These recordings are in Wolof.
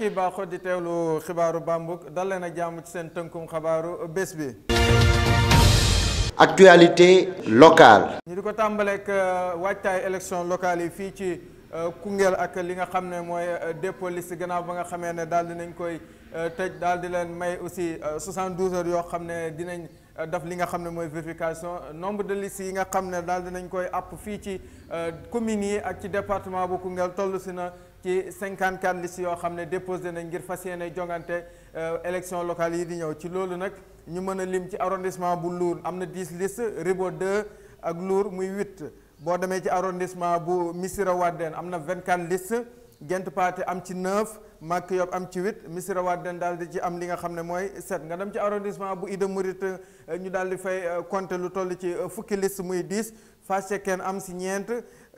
mbokk yi baaxoo xibaaru Bambuk dal leen ak jàmm ci seen tënkum xabaaru bés bi. actualité locale. ñu di ko tàmbaleeg euh, waajtaay élection locale yi fii ci euh, Koungheul ak li nga xam ne mooy euh, dépôt liste gannaaw ba nga xamee ne daal di nañ koy tëj daal di leen may aussi 72 heures yoo xam ne dinañ. daf li nga xam ne mooy vérification nombre de listes yi nga xam ne daal nañ koy àpp fii ci communes yi ak ci département bu Koungheul toll si na ci 54 listes yoo xam ne déposé nañ ngir fas yéene jongante euh, élection locale yi di ñëw ci loolu nag ñu mën a lim ci arrondissement bu luur am na 10 listes Ribo 2 ak Lour muy 8 boo demee ci arrondissement bu Missirah Wadène am na 24 list gent paate am ci 9 màkk yob am ci 8 misira wadden daal di ci am li nga xam ne mooy 7 nga dem ci arrondissement bu Ida Mouride euh, ñu daal di fay euh, compter lu toll ci euh, fukki liste muy 10 Fass Cekkeen am si ñeent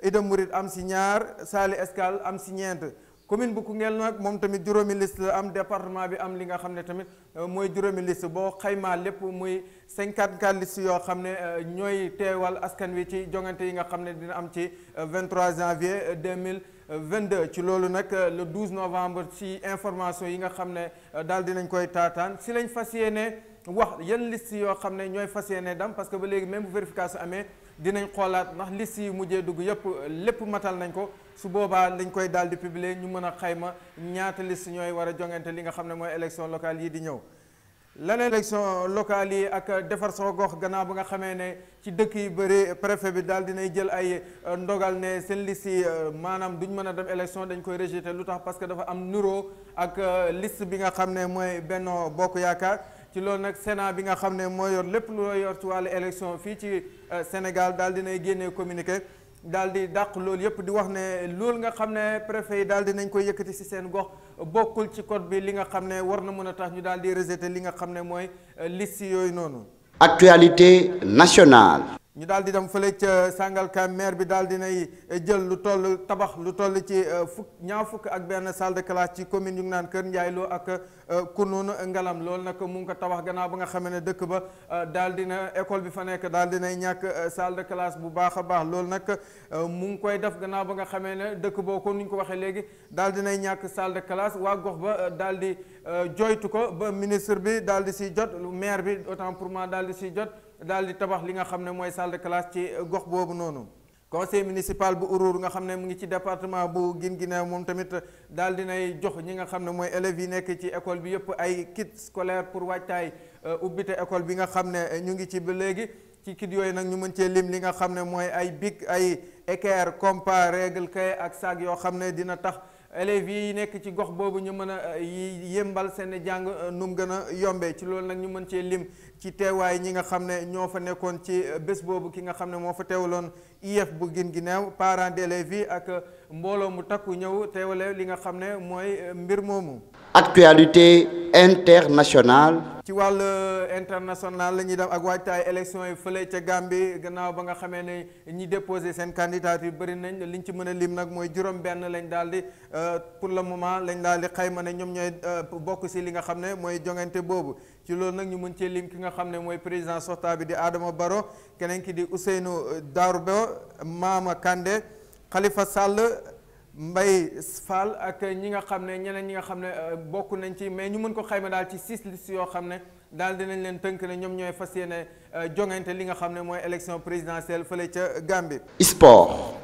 Ida Mouride am si ñaar saali Escale am si ñeent commune bu Koungheul nag moom tamit juróomi liste la am département bi am li nga xam ne tamit euh, mooy juróomi liste boo xaymaa lépp muy 54 liste yoo xam ne euh, ñooy teewal askan wi ci jongante yi nga xam ne dina am ci euh, deux mille vingt 22 ci loolu nag le 12 novembre ci information yi nga xam ne daal dinañ koy taataan si lañ fas yéene wax yan liste yoo xam ne ñooy fas yéene dam parce que ba léegi même bu vérification amee dinañ xoolaat ndax liste yi mujjee dugg yëpp lépp matal nañ ko su boobaa dañ koy daal di publier ñu mën a xayma ñaata liste ñooy war a jongante li nga xam ne mooy élection locale yi di ñëw leneen élection locale yi ak defar soo gox gannaaw ba nga xamee ne ci dëkk yi bëri préfet bi daal dinay jël ay ndogal ne seen liste yi euh, maanaam duñ mën a dem élection dañ koy régité lu tax parce que dafa am nuroo ak euh, liste bi nga xam ne mooy Benno Bokk Yaakaar ci loolu nag Sénat bi nga xam ne moo yor lépp lu yor ci wàllu élection fii ci euh, Sénégal dal dinay génnee communiqué daal di dàq loolu yëpp di wax ne loolu nga xam ne préfet yi daal dinañ koy yëkkati si seen gox bokkul ci code bi li nga xam ne war na mën a tax ñu daal di rejeté li nga xam ne mooy euh, liste yooyu noonu. actualité nationale. ñu daal di dem fële ca Sangalkam maire bi daal di nay jël lu toll tabax lu toll ci euh, fukk ñaar fukk ak benn sald de ci commune yu ngi naan Kër Ndiaye Lo ak euh, Kunun Ngalam loolu nag mu ngi ko tabax gannaaw ba nga xamee ne dëkk ba euh, daal di école bi fa nekk daal di ñàkk salle de classe baax a baax loolu nag mu ngi koy def gannaaw ba nga xamee ne dëkk boo kon ni ñu ko waxee léegi daal di nay ñàkk salle de waa gox ba daal di joytu ko ba ministre bi daal di si jot maire bi autant pour moi daal di si jot. daal di tabax li nga xam ne mooy salle de classe ci gox boobu noonu conseil municipal bu Ourour nga xam ne mu ngi ci département bu gin Guinguinéo moom tamit daal dinay jox ñi nga xam ne mooy élèves yi nekk ci école bi yëpp ay kit scolaire pour waajtaay euh, ubbite école bi nga xam ne ñu ngi ci ba léegi ci kit yooyu nag ñu mën cee lim li nga xam ne mooy ay bic ay équerre compas règle cahier ak sac yoo xam ne dina tax élèves yi nekk ci gox boobu ñu mën a eh, yembal seen jàng eh, nu mu gën a yombee ci loolu nag ñu mën cee lim ci teewaay ñi nga xam ne ñoo fa nekkoon ci eh, bés boobu ki nga xam ne moo fa teewaloon IEF bu gin ginnaaw parents d'élèves yi ak. mbooloo mu takku ñëw teewale li nga xam ne mooy euh, mbir moomu. actualité internationale. ci wàll euh, international la ñuy def ak waajtaay élection yi fële ca Gambie gannaaw ba nga xamee ne ñi déposé seen candidature bëri nañ liñ ci mën a lim nag mooy juróom-benn lañ daal di euh, pour le moment lañ daal di xayma ne ñoom ñooy bokk si li nga xam ne mooy jongante boobu ci loolu nag ñu mën cee lim ki nga xam ne mooy président sortant bi di Adama Barrow keneen ki di Ousseynou Daouda Maama Kandé. Khalifa Sall mbay Fall ak ñi nga xam ne ñeneen ñi nga xam ne euh, bokk nañ ci mais ñu mën ko xayma daal ci six listes yoo xam ne daal dinañ leen tënk ne ñoom ñooy fas yéene euh, jongante li nga xam ne mooy élection présidentielle fële ca Gambie. sport.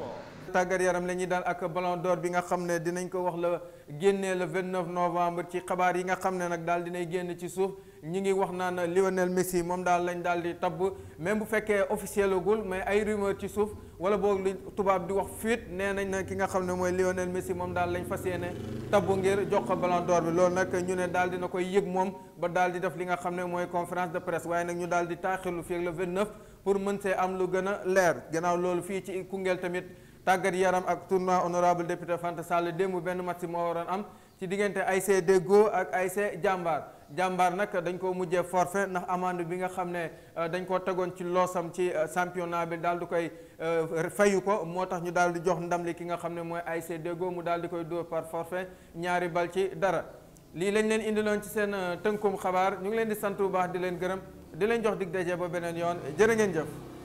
tàggat yaram la ñuy daan ak ballon d'or bi nga xam ne dinañ ko wax la génnee le 29 novembre ci xabaar yi nga xam ne nag daal dinay génn ci suuf ñi ngi wax naan Lionel Messi moom daal lañ daal di tabb même bu fekkee officiel mais ay rumeur ci suuf wala boog li tubaab di wax fuite nee nañ na ki nga xam ne mooy Lionel Messi moom daal lañ fas yéene tabb ngir jox ko ballon d'or bi loolu nag ñu ne daal dina koy yëg moom ba dal di def li nga xam ne mooy conférence de presse waaye nag ñu daal di taaxilu fii ak le 29 pour mën see am lu gën a leer gannaaw loolu fii ci Koungheul tamit tàggat yaram ak tournoi honorable député Fanta Sall démb benn match moo waroon am ci diggante ASC Deggo ak ASC Jàmbaar jàmbaar nag dañ ko mujjee forfait ndax amande bi nga xam ne euh, dañ koo tegoon ci loosam ci euh, championnat bi daal di koy euh, fayu ko moo tax ñu daal di jox ndam li ki nga xam ne mooy ASC Deggo mu daal di koy dóor par forfait ñaari bal ci dara lii lañ leen indiloon ci seen tënkum xabaar ñu ngi leen di sant bu baax di leen gërëm di leen jox dig daje ba beneen yoon jërë ngeen jëf